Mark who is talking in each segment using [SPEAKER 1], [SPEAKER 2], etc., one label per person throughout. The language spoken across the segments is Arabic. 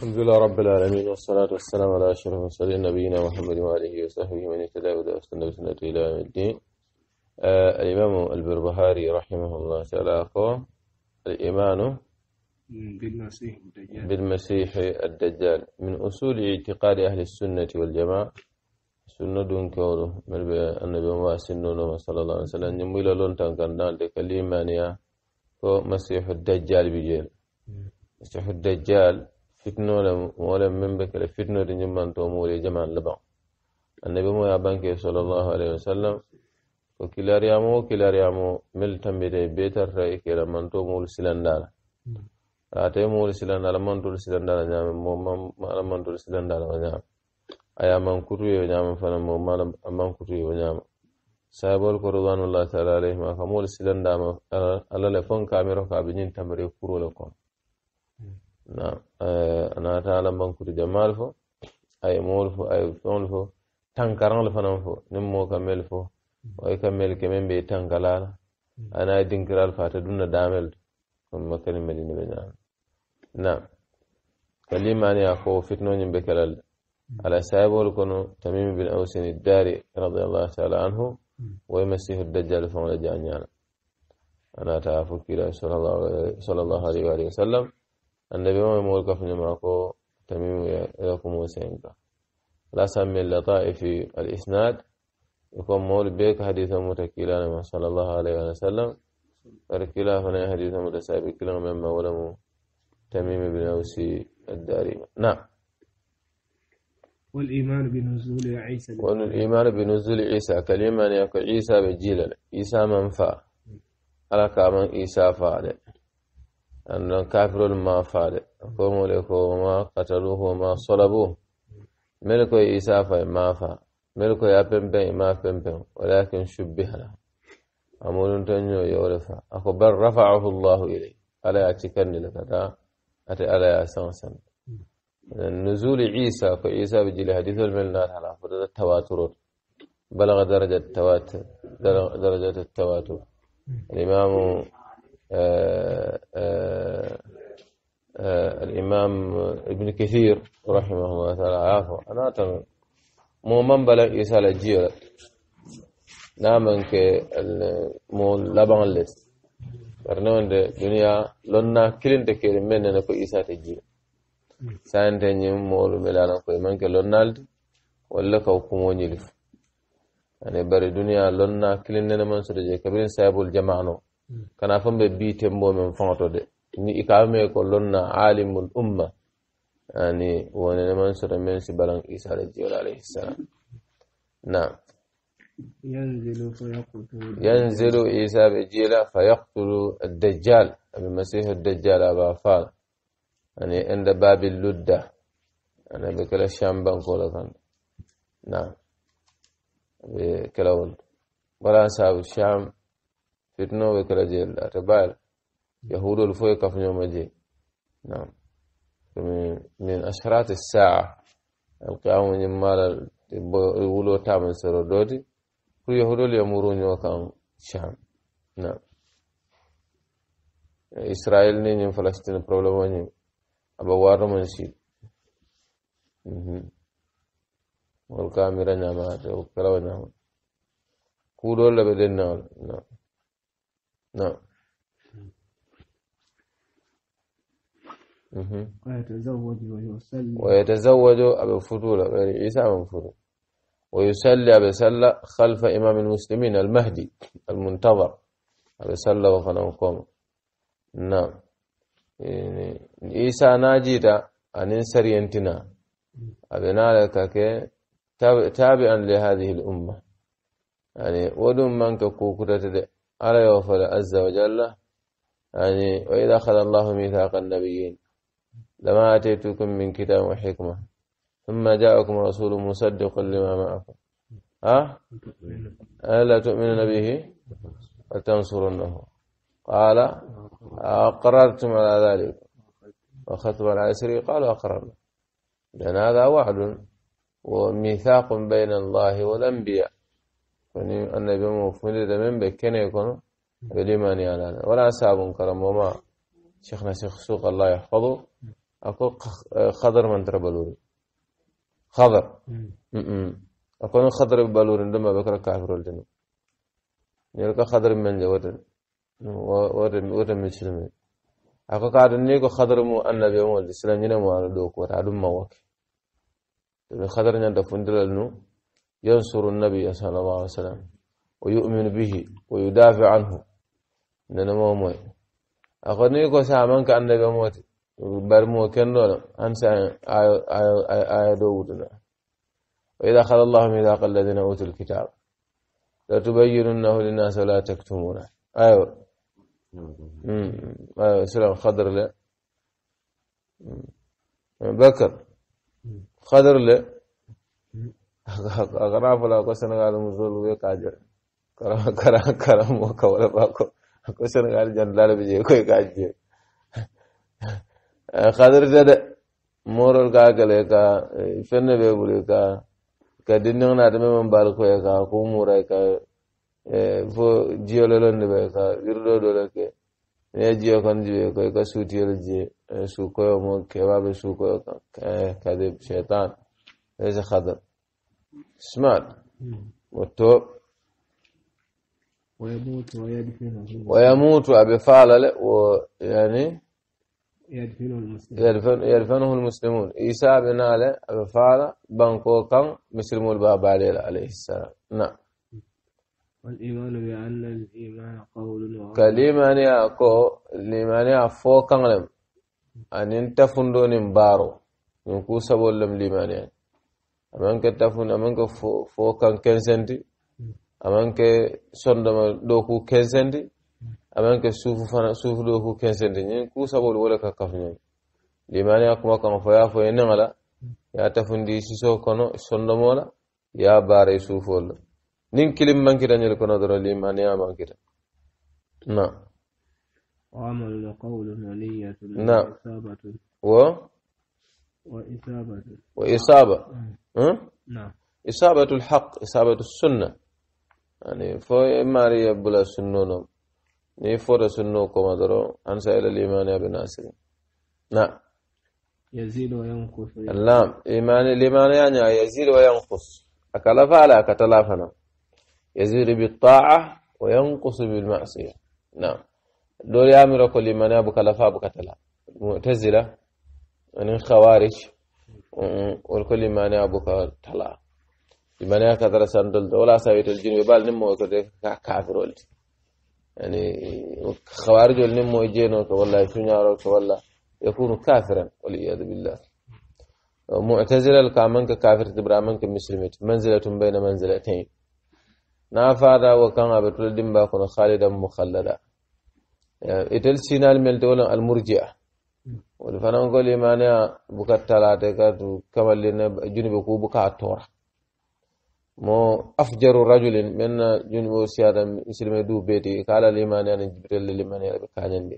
[SPEAKER 1] الحمد لله رب العالمين والصلاة والسلام على أشرف المرسلين نبينا محمد وآله وصحبه ومن اهتدى بهداه واستنى بسنته إلى يوم الدين آه الإمام البربهاري رحمه الله تعالى قال الإيمان بالمسيح الدجال بالمسيح الدجال من أصول اعتقاد أهل السنة والجماعة سنة دون kewɗo من النبي صلى الله عليه وسلم alih w sallam ñammo ila lontan مسيح الدجال بجيل مسيح الدجال fitnole wolen min be kele fitnode ñimmantomowole jaman laban annabi mo ya banke sallllahu alayhi wa sallam ko kilariyamo wo kilariyamo mil tambide be tarta e kela mantomowol silandala ate mowol silandala mantol silandala ñaame mo mala mantol silandala o ñaama aya mankutuye o ñaama fana mo mala mankutuye o ñaama sahabol ko ridwanullah taala alayhim aka mowol silandama alale fon kamiro ka ɓe ñin tamire kurole kon نعم آه، أنا تعالى بنكر جمال فو أي مول فو أي فون فو تنكران لفنان فو نمو كمل فو وأي كمل كمين بي تنكران أنا دينكر الفاتة دون دامل كم كلمة دين بنان نعم كلمة أنا أخو فتنون بكلال على سايبول كونو تميم بن أوس الداري رضي الله تعالى عنه ويمسيه الدجال فون لجانيانا أنا تعافو كلا صلى الله عليه وسلم النبي ما مول كفن معكو تميم يكون موسينك لا سمي اللطائف الإسناد يكون مول بيك حديث متكيلا ما شاء الله عليه وسلم الكلا فنا حديث متسابق كلا مما ولم تميم بن أوسي الداري نعم والإيمان بنزول عيسى والإيمان بنزول عيسى كلمة يقول عيسى بجيل عيسى منفى على كامن عيسى فعل أن كافر ما فعل قوم لكم ما قتلوه ما صلبوه ملكو إسافة ما فعل ملكو يابن بمبين ما بمبين ولكن شبه له أمول تنجو يورفا أكو بل رفعه الله إليه ألا يتكن لك دا أتي ألا يسنسن نزول عيسى فعيسى بجي لحديث الملنات على فرد التواتر بلغ درجة التواتر درجة التواتر الإمام ابن كثير رحمه الله تعالى عفو أنا تم مو من بلا إسالة جيرة نامن كي مو لبان لس برنون دي دنيا لنا كلين تكير من نكو إسالة جيرة سان تنجم مولو ملانا كوي من كي لنا لدي ولا كو كمو نيلف يعني بري دنيا لنا أنا نمان سرجي كبير سايبو الجماعنو كان أفهم بي تمبو من فانتو دي ni ikame ko lonna alimul umma يعني ونمان سورة من سبلان إيسى عليه السلام نعم ينزل فيقتل ينزل عيسى بجيلا فيقتل الدجال المسيح الدجال أبا فال يعني عند باب اللدة يعني أنا بكلا الشامبان كولا كان نعم بكلا ولد ولا أصحاب الشام فتنو بكلا جيلا ربال يهود الفوي كفن يوم جي نعم من أشرات الساعة القيامة نمالا يقولوا تعمل سرودوتي كل يهودول يمرون يوكام شام نعم إسرائيل نين فلسطين بروبلم ونين أبا وارو من منشي والكاميرا نعمات وكلا ونعمات كودول بدنا نعم نعم ويتزوج ويصلي ويتزوج أبو فتولة يعني عيسى أبو فضول ويصلي أبو سلة خلف إمام المسلمين المهدي المنتظر أبو سلة وخنوكم نعم يعني عيسى ناجيدا أن أنتنا أبنا لك تابعا لهذه الأمة يعني ودم من كوكرة على يوفى عز وجل يعني وإذا أخذ الله ميثاق النبيين لما آتيتكم من كتاب وحكمة ثم جاءكم رسول مصدق لما معكم أه؟ ألا تؤمنون به وتنصرونه قال أقررتم على ذلك وخطب العسري قالوا أقررنا لأن هذا وعد وميثاق بين الله والأنبياء يعني النبي إذا من بكنا يكون بالإيمان على ولا ساب كرم وما شيخنا شيخ سوق الله يحفظه اكو خضر من ترى بلوري خضر اكو خضر بلوري لما بكرة كافر الجنة يلقى خضر من جوادن ورم ورم مسلمين اكو قاعد نيكو خضر مو النبي مو الإسلام ني مو على دوك وتعلم ما وك خضر ني فندل إنه ينصر النبي صلى الله عليه وسلم ويؤمن به ويدافع عنه ننمو موي اكو نيكو سامن كان النبي موتي بر مو كنون أنسى آية, آية،, آية،, آية داودنا وإذا أخذ الله ميثاق الذين أوتوا الكتاب لتبيننه للناس ولا تكتمونه أيوة امم أيوة سلام خضر له بكر خضر له أغراف لا قسن قال مزول ويقاجر كرم كرم كرم وكولا باكو قسن قال جندال بيجي كوي قاجر kadirtede morol kakele ka fenne be bule ka ka dindiŋ naata memen balikoye ka kumura ka fo jiyololonde be ka wirdo dole ke ne jiyo kon jibe ko ka suutiyol je sukoyo mo kewaɓe sukoyo kan kadib cheitan ese kadar smart wotto ويموت ويدفن ويموت أبي فعل يعني يدفنه المسلمون يدفن يدفنه المسلمون عيسى بن علي فارا بانكو كان مسلم الباب عليه السلام نعم والإيمان بأن الإيمان قول وعمل كلمة يأكو لمن يأفو كان أن ينتفندون بارو ينكو سبول لم لمن يعني aman ke tafun aman ke fo kan kensendi aman ke sondoma doku kensendi أبانك سوف فنا سوف لو هو كان سندني كوسا بول ولا كافني لمن فيا فيا نملا يا تفندي سيسو كنو سندمولا يا باري سوف ولا نين كلم من كده نقول كنا درا لمن يا نعم وعمل القول نية نعم و وإصابة وإصابة إصابة الحق إصابة السنة يعني فما ريا بلا سنونه نيفور سنوكم أدرو أن سائل الإيمان يا بن ناصر نعم يزيد وينقص اللام إيمان الإيمان يعني يزيد وينقص أكلف على كتلافنا يزيد بالطاعة وينقص بالمعصية نعم دور يا مرق الإيمان يا أبو كلفا أبو كتلا معتزلة من الخوارج والكل إيمان يا أبو كتلا إيمان يا كثر سندل ولا سويت الجن يبال نمو كده كافر ولدي يعني خوارج والنمو يجينوك ولا يشنياروك ولا يكون كافرا والعياذ بالله معتزلة الكامنك كافر تبرامنك مسلمة منزلة بين منزلتين نافادا وكان أبتل دمبا كنا خالدا مخلدا يعني إتل سينال ملتولا المرجئة ولفنا نقول إيمانيا بكتلاتك كمال لنا جنبكو بكاتورا mo afjaru rajulin menna junbo siyada musilme du beeti kala limani ana jibril limani ala kañandi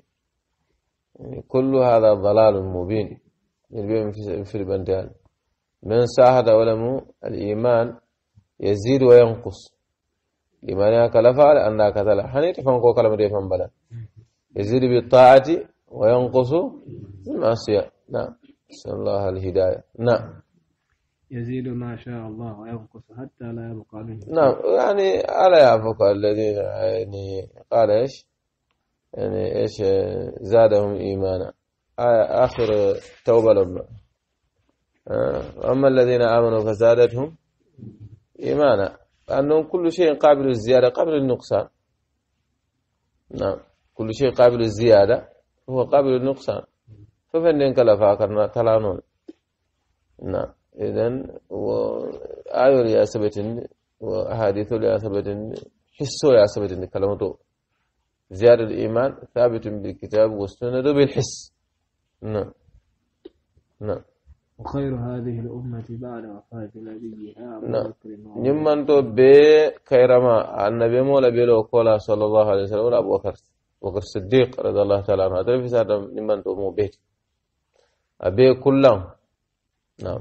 [SPEAKER 1] kullu hada dalalun mubin min be fil bandan man sahada walamu al iman yazid wa yanqus limani kala fa ala anna kadala hanita fanko kala made fan bala yazid bi ta'ati wa yanqusu bil ma'siyah na sallallahu al hidayah na يزيد ما شاء الله وينقص حتى لا يبقى منه نعم يعني ألا يعفق الذين يعني قال إيش يعني إيش زادهم إيمانا آخر توبة لهم أما الذين آمنوا فزادتهم إيمانا أنهم كل شيء قابل الزيادة قابل النقصان نعم كل شيء قابل الزيادة هو قابل النقصان ففندن كلا فاكر تلانون نعم إذن وآيو لي أسبتن وأحاديث لي أسبتن حسو لي أسبتن كلمته زيادة الإيمان ثابت بالكتاب والسنة بالحس نعم نعم وخير هذه الأمة بعد وفاة نبيها نعم بكر نعم تو بي خيرما النبي مولا بيلو قولا صلى الله عليه وسلم أبو بكر بكر الصديق رضي الله تعالى عنه هذا في سادة نمن تو مو بيت أبي كلهم نعم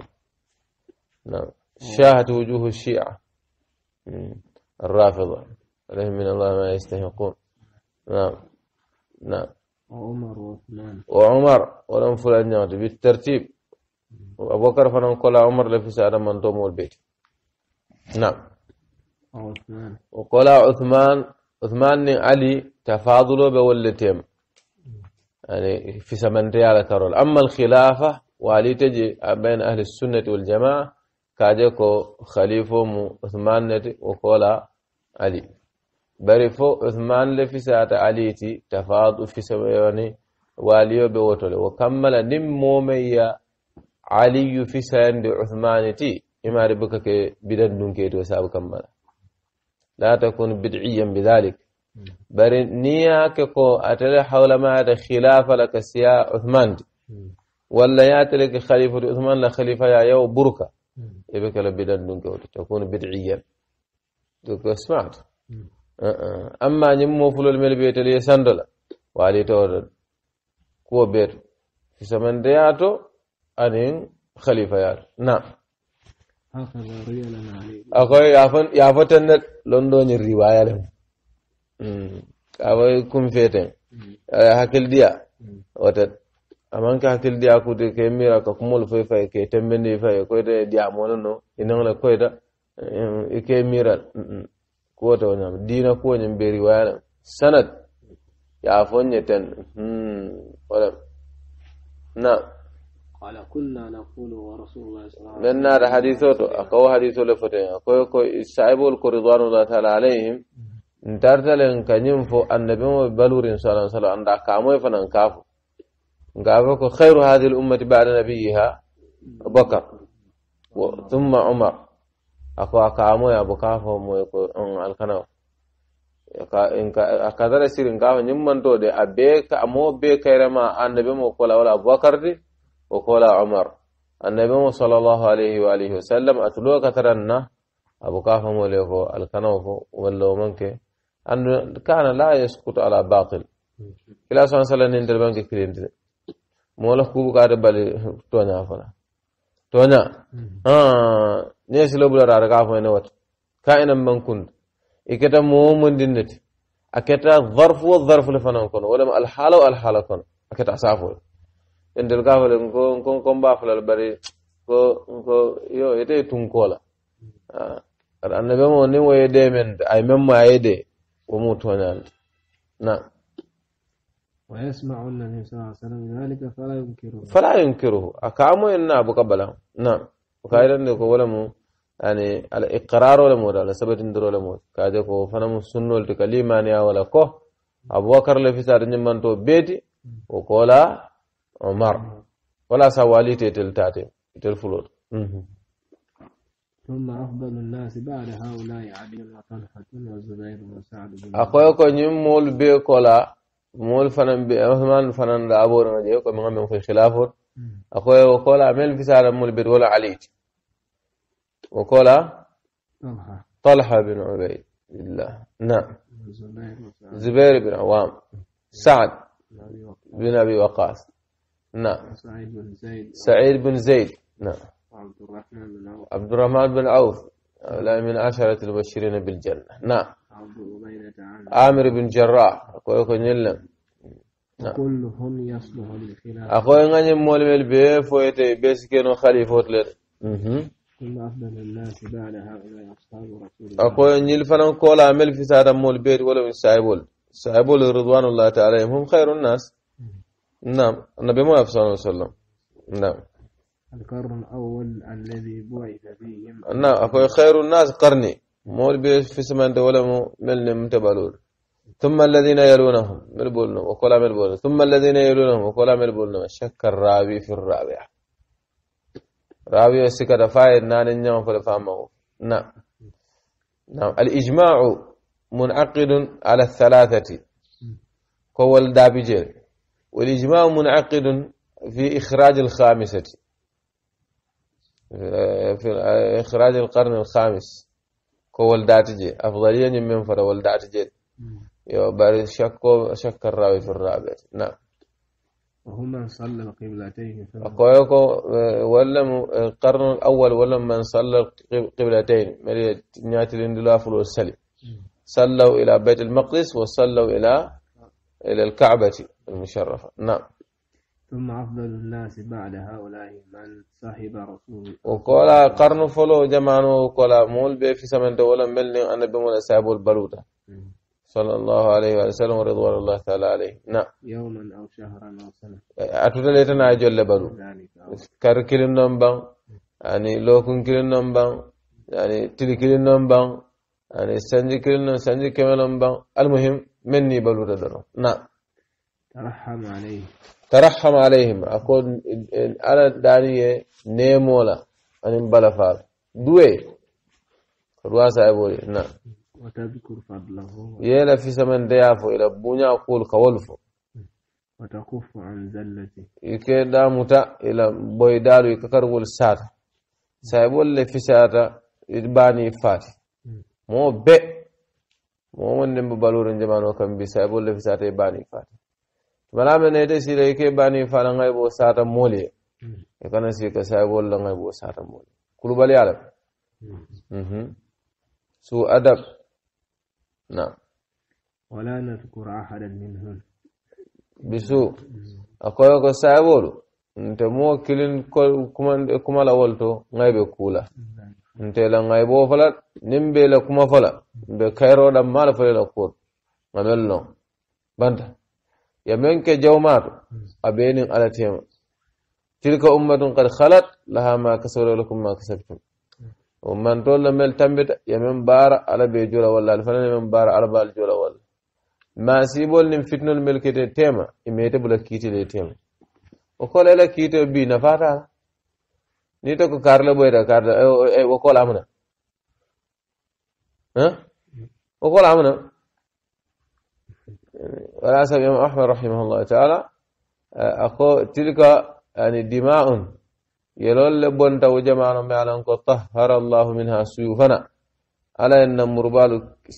[SPEAKER 1] نعم شاهت وجوه الشيعة الرافضة عليهم من الله ما يستحقون نعم نعم وعمر وعثمان وعمر ولم فلان نعمة بالترتيب أبو بكر فنان قال عمر لفي سعر من دومو البيت نعم وعثمان وقال عثمان عثمان علي تفاضلوا بولتهم يعني في سمن ريال ترول أما الخلافة والي تجي بين أهل السنة والجماعة kaje ko khalifo mu uthman nati wo kola ali bari fo uthman le fisata ali ti tafadu fisamayoni waliyo be wotole wo kammala nin momeya aliyu fisayande uthman ti imari buka ke bidan dunketo sabu kammala la takun bid'iyan bidhalik bari niya ke ko atele hawla ma ada khilafa laka siya uthman walla ya tele ke uthman la khalifa ya yau burka يبقى كلا بدن دون كوت تكون بدعيا دوك سمعت أما نمو فلو المل بيت لي سندلا والي تور كو بيت في سمن دياتو أنين خليفة يار نعم أخوي يافن يافتن لندن الرواية لهم أخوي كم فيتن هكل ديا وتت aman ka til dia ku de ke mira ka kumol fe fe ke tembe ne fe ko de dia mono no inan la ko da e ke mira ko to na dina ko nyam beri wala sanad ya fonye tan hmm wala na qala kunna naqulu wa rasulullah sallallahu alaihi wasallam nan hadithu to akaw hadithu le fote ko ko sahibul qurdan Allah ta'ala alaihim ntartalen kanyum fo annabi mo balurin sallallahu alaihi wasallam anda kamoy fanan kafu قابك خير هذه الأمة بعد نبيها بكر ثم عمر أكو أكامو يا بكافو مو يكون عن أكادر أسير إن كافو نمان تو دي أبيك أمو بيك إرما أن نبي مو قول أولا بكر دي وقول عمر أن نبي مو صلى الله عليه وآله وسلم أتلو كترنا أبو كافو مو ليكو الكنو ولو منك أن كان لا يسكت على باطل إلا سوان سلا نندر بانك كلين دي mola kuɓukare bali toña fana toña ne silobularare ka foyne wat ka inan man kunde i keta moo mondinneti a keta darfu wo darfu le fanan kono wolema alhaala wo alhaala kono a keta saafol entel ka fole kon mba fulal bari ko ko yo ite tunkola annabi mo ni woye de men ay memma ayede wo mu toñande na ويسمع النبي صلى الله عليه وسلم ذلك فلا ينكره فلا ينكره أكامو إن أبو قبله نعم وكايلا نكو ولمو يعني الإقرار ولا مود على سبت ندر ولا مود كاجكو فنم السنة التكليم يا ولا كو أبو بكر في سارن من تو بيتي وكولا عمر ولا سوالي تيتل تاتي تيتل فلوت ثم أفضل الناس بعد هؤلاء علي وطلحة وزبير وسعد بن أخويا كو نيم مول بيكولا مول فنان مثلا فنان لابور ما ديو كما من في خلافه اخويا وقولا عمل في سار مول بير ولا علي وقولا طلحه بن عبيد الله نعم زبير بن عوام سعد بن ابي وقاص نعم سعيد بن زيد سعيد بن زيد نعم عبد الرحمن بن عوف عبد الرحمن بن عوف من عشرة المبشرين بالجنة نعم عامر بن جراح أقول لكم نعم. كلهم يصلح للخلافة أقول أن مولم البيف ويتي بيسكن خليفة لر ثم أفضل الناس بعد هؤلاء أصحاب رسول الله أقول نيل فلان كول عمل في سارة مول بيت ولا من سايبول سايبول رضوان الله تعالى هم خير الناس نعم النبي محمد صلى الله عليه وسلم نعم القرن الأول الذي بعث فيهم نعم أقول خير الناس قرني مول بيش في سمان دولمو ملن متبالول ثم الذين يلونهم ملبولن وكلا ملبولن ثم الذين يلونهم وكلا ملبولن شك الرابي في الرابع رابي سكر فايد نان نيام فلفامه نعم نعم الإجماع منعقد على الثلاثة كوال دابجير والإجماع منعقد في إخراج الخامسة في إخراج القرن الخامس ko داتجي أفضلية من فرا meŋ fota woldaati je hmm. yo bari shakko shakka rawi fi rabi صلى قبلتين ولم القرن الأول ولم من صلى قبلتين مريت نيات الاندلاف والسلي صلوا إلى بيت المقدس وصلوا إلى إلى الكعبة المشرفة نعم ثم أفضل الناس بعد هؤلاء من صاحب رسول وقال قرن فلو جمعنا وقال مول بي في سمن دولا ملني أنا بمول سابو البلودة صلى الله عليه وسلم ورضوان الله تعالى عليه نعم يوما أو شهرا أو سنة ليتنا أجل بلو كار كيلن النمبا يعني لوكن كيل النمبا يعني تلي كيلن النمبا يعني سنجي كيلن سنجي كمل نمبان المهم مني بلودة درو نعم ترحم عليه ترحم عليهم أكون أنا دانية نيمولا أنا بلفار دوي رواسا يقول نعم وتذكر فضله يلا في سمن ديافو إلى بنيا أقول كولفو وتكف عن زلته يكي متى إلى بويدالو يككرغو الساتة سيقول لي في ساتة يدباني فاتي مو بي مو من ببالور جمانو كم بي سيقول لي في ساتة يباني فاتي bala me ne te sila ke bani fala ngai bo sata mole e kana si ka sai bo la ngai bo sata mole kulu bali alab mhm su adab na wala nadhkur ahadan minhum bisu akoyo ko sai bo nte mo kilin kuma kuma la wolto ngai be kula nte la ngai bo fala nimbe la kuma fala be kairo da mal fala la ko ngamello banta ya men ke jawmaatu abenin ala tema tilka ummatun qad khalat laha ma kasabat lakum ma kasabtum o man tolla mel tambita ya men baara ala be jula walla al fanana men baara ala baal jula walla ma siibol nin fitnol mel kete tema imete bula kiitile tema o kola ela kiito bi nafatala ni to ko karla boyta karla o kola amana o kola amana ولا حسب الإمام أحمد رحمه الله تعالى آه، أخو تلك يعني دماء يلول لبن تو جمعنا معلن طهر الله منها سيوفنا على أن مربال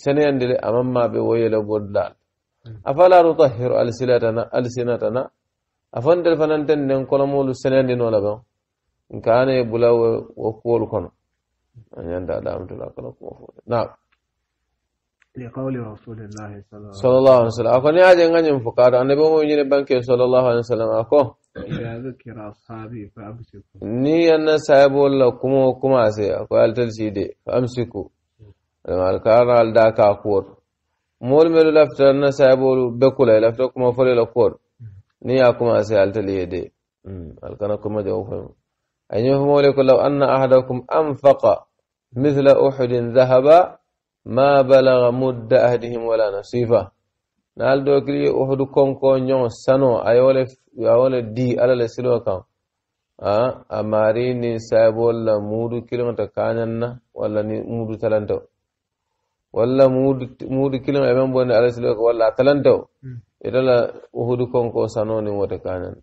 [SPEAKER 1] سنين دل أمام ما بويل بدلال أفلا نطهر ألسنتنا ألسنتنا أفندل فننتن ننقلمول سنين دين ولا بهم إن كان يبلا وقول كنو أن يعني يندى دامت الله لك نعم لقول رسول الله صلى الله عليه وسلم أكو نياجة نغني مفقار أنا بمو يجي نبانك صلى الله عليه وسلم أكو إذا ذكر أصحابي فأمسكوا ني أنا سايبو الله كمو كما سي أكو ألتل سيدي فأمسكوا لما الكار على داك أكور مول ملو لفتر أنا سايبو بكولا لفتر كما فلي لكور ني أكما سي ألتل يدي ألقنا كما جوفهم أن يفهموا لكم لو أن أحدكم أنفق مثل أحد ذهب ما بلغ مد أهدهم ولا نصيفه نال دوكلي أحد كونكو نيون سانو أيولف أيول دي على لسلو كان آه أماري ني سايبول لا مودو كيلومتر كاننا ولا ني مودو تلانتو ولا مودو مودو كيلومتر أمام بون على سلو ولا تلانتو إذا لا أحد كونكو سانو ني موتو كانن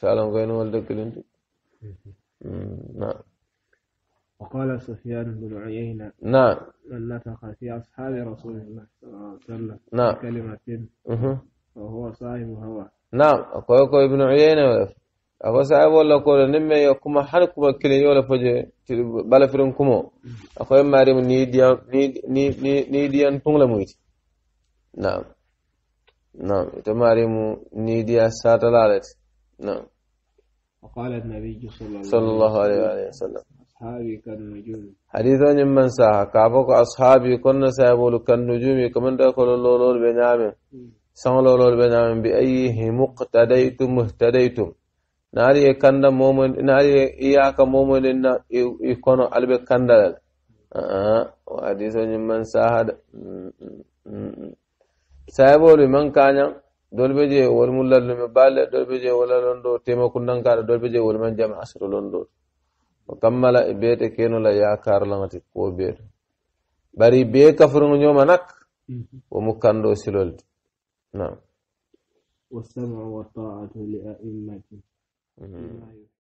[SPEAKER 1] سلام كاين ولد كيلومتر نعم وقال سفيان بن عيينة نعم من نفق في أصحاب رسول الله صلى الله عليه وسلم نعم كلمة وهو صاحب هوى نعم أقول ابن عيينة أقول سعيد والله أقول نمي يقوم حلقكم الكلي يولا فجي بلا فرن كمو أقول ماري من نيديان نيديان تنغل مويت نعم نعم تماري من نيديان ساتلالت نعم وقال النبي صلى الله عليه وسلم أصحابي كالنجوم حديثا من ساها كابوك أصحابي كنا سيقول كالنجوم كمن دخل اللولول بنعمه سان لولول بنعمه بأيهم اقتديتم اهتديتم ناري كندا مومن ناري إياك مومن إن يكونوا قلب كندا آه وحديثا من ساها سيقول من كان dolbe je wol mullal lume balle dolbe je wola londo tema kundankaɗo dolbe je wol man jam asro londoɗo o kammala e beete kenola yakarlamati ko beeto bari bee kafrugo ñoma nak mhm. o mukkando silolde nam